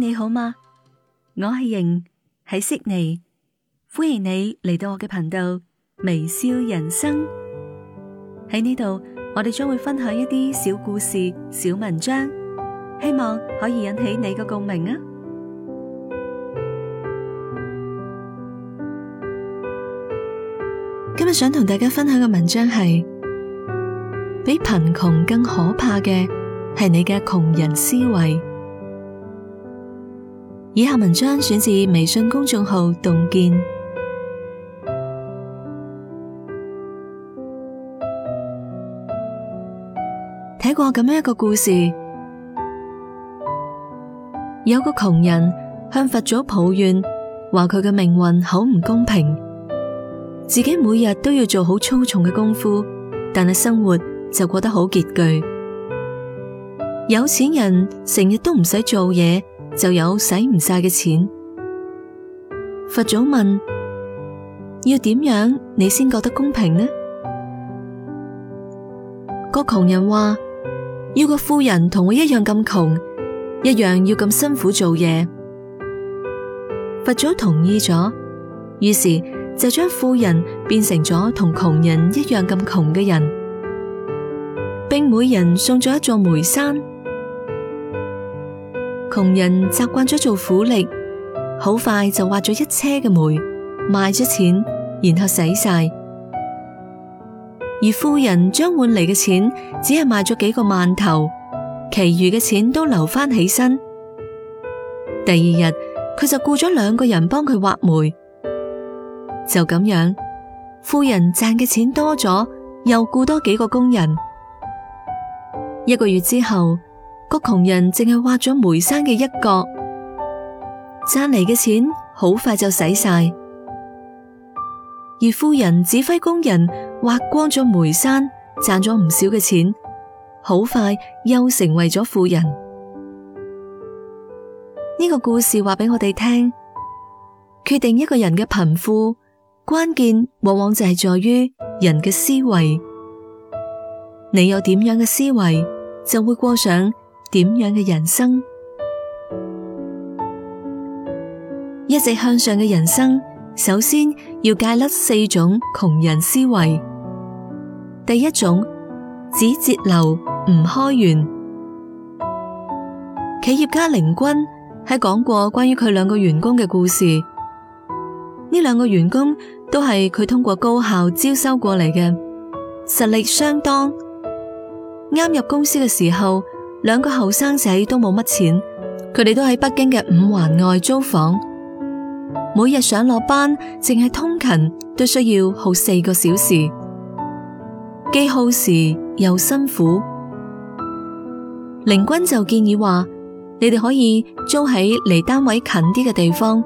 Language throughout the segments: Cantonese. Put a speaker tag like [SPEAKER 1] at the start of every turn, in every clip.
[SPEAKER 1] 你好嗎？我係瑩，喺悉尼，歡迎你嚟到我嘅頻道微笑人生。喺呢度，我哋將會分享一啲小故事、小文章，希望可以引起你嘅共鳴啊！今日想同大家分享嘅文章係：比貧窮更可怕嘅，係你嘅窮人思維。以下文章選自微信公眾號《洞見》。睇過咁樣一個故事。有個窮人向佛祖抱怨，話佢嘅命運好唔公平，自己每日都要做好粗重嘅功夫，但係生活就過得好拮據。有錢人成日都唔使做嘢，就有使唔晒嘅錢。佛祖問：要點樣你先覺得公平呢？個窮人話：要個富人同我一樣咁窮，一樣要咁辛苦做嘢。佛祖同意咗，於是就將富人變成咗同窮人一樣咁窮嘅人，並每人送咗一座煤山。窮人習慣咗做苦力，好快就挖咗一車嘅煤，賣咗錢，然後洗晒。而富人將換嚟嘅錢，只係買咗幾個饅頭，其餘嘅錢都留翻起身。第二日，佢就雇咗兩個人幫佢挖煤。就咁樣，富人賺嘅錢多咗，又雇多幾個工人。一個月之後，個窮人淨係挖咗煤山嘅一角，賺嚟嘅錢好快就使晒；而富人指揮工人挖光咗煤山，賺咗唔少嘅錢，好快又成為咗富人。呢個故事話俾我哋聽，決定一個人嘅貧富，關鍵往往就係在於人嘅思維。你有點樣嘅思維，就會過上。點樣嘅人生？一直向上嘅人生，首先要戒甩四種窮人思維。第一種只節流唔開源。企業家凌軍係講過關於佢兩個員工嘅故事。呢兩個員工都係佢通過高校招收過嚟嘅，實力相當。啱入公司嘅時候，兩個後生仔都冇乜錢，佢哋都喺北京嘅五環外租房，每日上落班淨係通勤都需要耗四個小時，既耗時又辛苦。凌軍就建議話：你哋可以租喺離單位近啲嘅地方，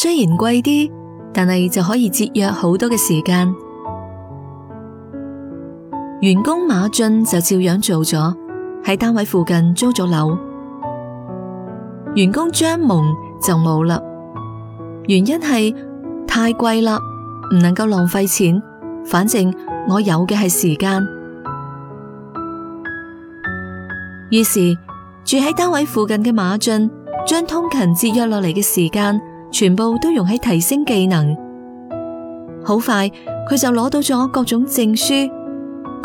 [SPEAKER 1] 雖然貴啲，但係就可以節約好多嘅時間。員工馬俊就照樣做咗。喺單位附近租咗樓，員工張蒙就冇啦。原因係太貴啦，唔能夠浪費錢，反正我有嘅係時間。於是住喺單位附近嘅馬俊，將通勤節約落嚟嘅時間，全部都用喺提升技能。好快，佢就攞到咗各種證書。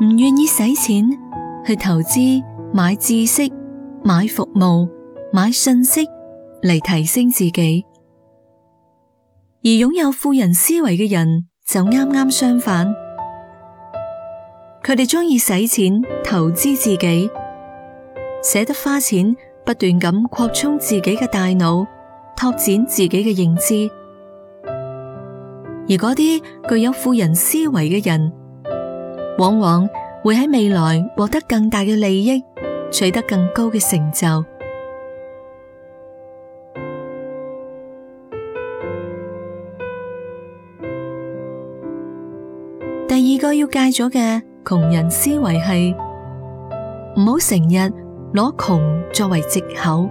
[SPEAKER 1] 唔願意使錢去投資買知識、買服務、買信息嚟提升自己，而擁有富人思維嘅人就啱啱相反，佢哋鍾意使錢投資自己，捨得花錢不斷咁擴充自己嘅大腦，拓展自己嘅認知，而嗰啲具有富人思維嘅人。往往會喺未來獲得更大嘅利益，取得更高嘅成就。 第二個要戒咗嘅窮人思維係唔好成日攞窮作為借口。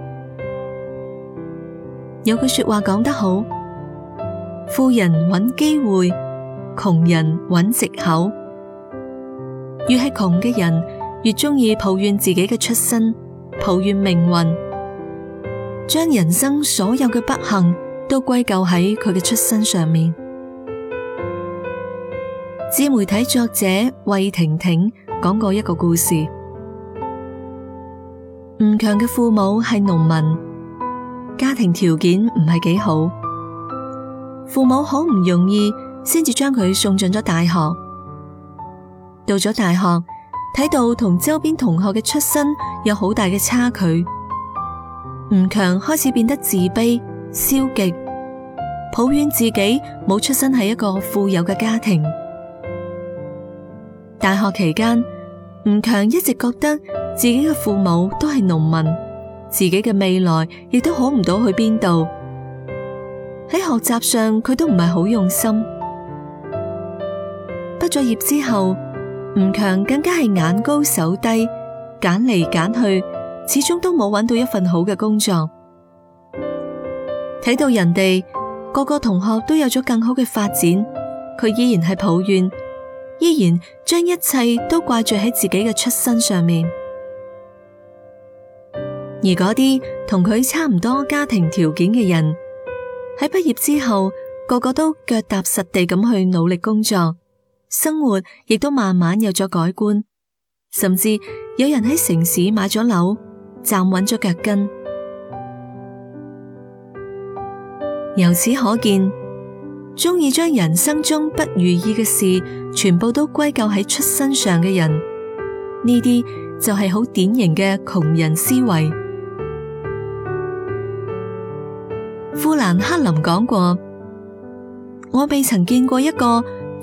[SPEAKER 1] 有句說話講得好：富人揾機會，窮人揾借口。越係窮嘅人，越鍾意抱怨自己嘅出身，抱怨命運，將人生所有嘅不幸都歸咎喺佢嘅出身上面。自媒體作者魏婷婷講過一個故事：吳強嘅父母係農民，家庭條件唔係幾好，父母好唔容易先至將佢送進咗大學。到咗大學，睇到同周邊同學嘅出身有好大嘅差距，吳強開始變得自卑、消極，抱怨自己冇出生喺一個富有嘅家庭。大學期間，吳強一直覺得自己嘅父母都係農民，自己嘅未來亦都好唔到去邊度。喺學習上，佢都唔係好用心。畢咗業之後，吳強更加係眼高手低，揀嚟揀去，始終都冇揾到一份好嘅工作。睇到人哋個個同學都有咗更好嘅發展，佢依然係抱怨，依然將一切都怪罪喺自己嘅出身上面。而嗰啲同佢差唔多家庭條件嘅人，喺畢業之後，個個都腳踏實地咁去努力工作。生活亦都慢慢有咗改觀，甚至有人喺城市買咗樓，站穩咗腳跟。由此可見，鍾意將人生中不如意嘅事全部都歸咎喺出身上嘅人，呢啲就係好典型嘅窮人思維。富蘭克林講過：「我未曾見過一個，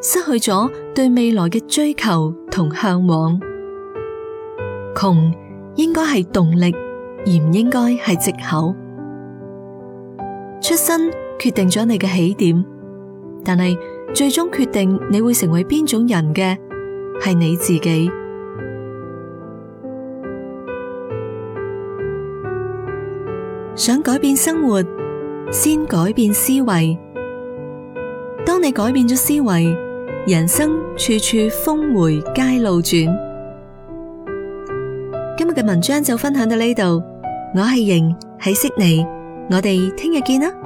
[SPEAKER 1] 失去咗對未來嘅追求同向往，窮應該係動力，而唔應該係借口。出身決定咗你嘅起點，但係最終決定你會成為邊種人嘅，係你自己。想改變生活，先改變思維。當你改變咗思維。人生處處峰回皆路轉，今日嘅文章就分享到呢度。我係瑩，喺悉尼。我哋聽日見啦。